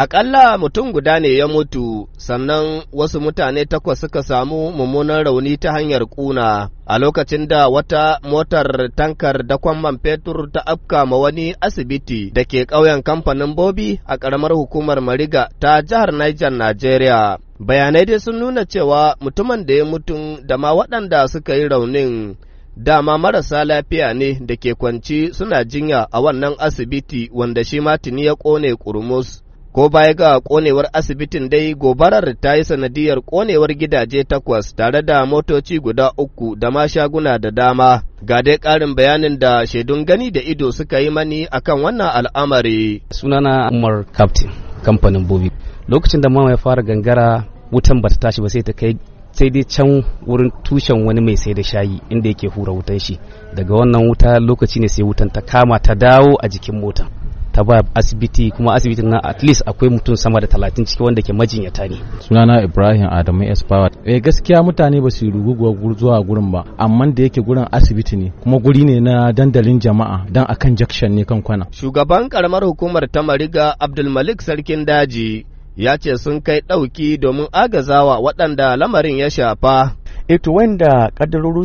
Aƙalla mutum guda ne ya mutu, sannan wasu mutane takwas suka samu mummunan rauni ta hanyar ƙuna a lokacin da wata motar tankar dakon man fetur ta afka ma wani asibiti da ke ƙauyen kamfanin Bobi a ƙaramar hukumar Mariga ta jihar Niger, Najeriya. Bayanai dai sun nuna cewa mutumin da ya mutu da ma waɗanda suka yi raunin dama marasa lafiya ne da ke kwanci suna jinya a wannan asibiti wanda shi tuni ya ƙone ƙurmus. ko baya ga konewar asibitin dai gobarar ta yi sanadiyar konewar gidaje takwas tare da motoci guda uku da ma shaguna da dama ga dai ƙarin bayanin da shaidun gani da ido suka yi mani akan wannan al'amari sunana umar captain kamfanin bobi lokacin da ma ya fara gangara wutan bata tashi ba sai ta kai sai dai can wurin tushen wani mai sai da shayi inda yake hura wutan shi daga wannan wuta lokaci ne sai wutan ta kama ta dawo a jikin motan ta ba asibiti kuma asibitin na at least akwai mutum sama da talatin ciki wanda ke majinyata ne sunana ibrahim adamu s power eh gaskiya mutane ba su rugu zuwa gurin ba amma da yake gurin asibiti ne kuma guri ne na dandalin jama'a dan akan jakshan ne kan kwana shugaban karamar hukumar tamariga abdulmalik sarkin daji ya ce sun kai ɗauki domin agazawa waɗanda lamarin ya shafa eto eh, wanda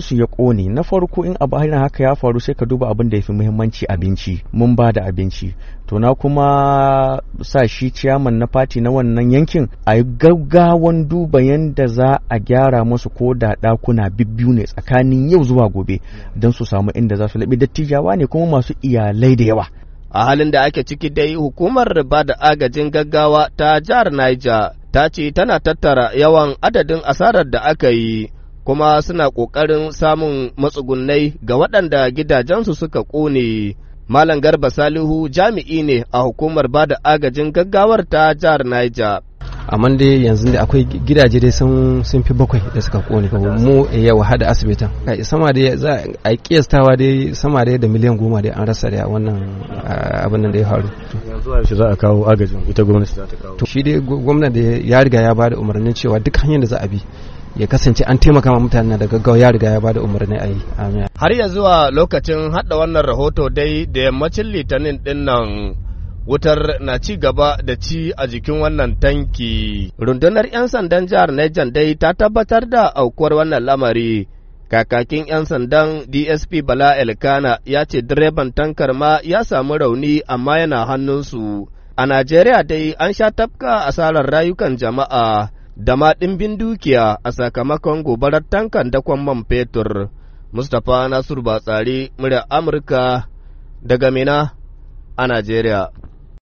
su ya kone na farko in abu irin haka ya faru sai ka duba abin da yafi fi muhimmanci abinci mun ba da abinci to na kuma sa shi ciyaman na fati na wannan yankin a yi gaggawan duba yadda za a gyara musu ko da dakuna bibbiyu ne tsakanin yau zuwa gobe don su samu inda za su laɓi dattijawa ne kuma masu iyalai da yawa a halin da ake ciki dai hukumar ba da agajin gaggawa ta jihar niger ta ce tana tattara yawan adadin asarar da aka yi kuma suna ƙoƙarin samun matsugunai ga waɗanda gidajensu suka ƙone. Malam Garba Salihu jami'i ne a hukumar ba da agajin gaggawar ta jihar Niger. amma dai yanzu da akwai gidaje dai sun fi bakwai da suka ƙone mu yawa hada asibitin sama dai za a kiyastawa dai sama dai da miliyan goma dai an rasa da wannan abin da ya faru yanzu shi za a kawo agajin ita gwamnati za ta kawo shi dai gwamnati ya riga ya ba da umarnin cewa duk hanyar da za a bi ya kasance an taimaka ma mutane da gaggawa ya riga ya bada umarni a yi har ya zuwa lokacin hada wannan rahoto dai da yammacin litinin din nan wutar na ci gaba da ci a jikin wannan tanki rundunar 'yan sandan jihar Niger dai ta tabbatar da aukuwar wannan lamari kakakin 'yan sandan dsp bala elkana ya ce direban tankar ma ya samu rauni amma yana hannunsu a najeriya dai an sha tafka asarar rayukan jama'a da ma ɗimbin dukiya a sakamakon gobarar tankan dakon man fetur. Mustapha Nasiru Batsari, murya Amurka daga Mina a Najeriya.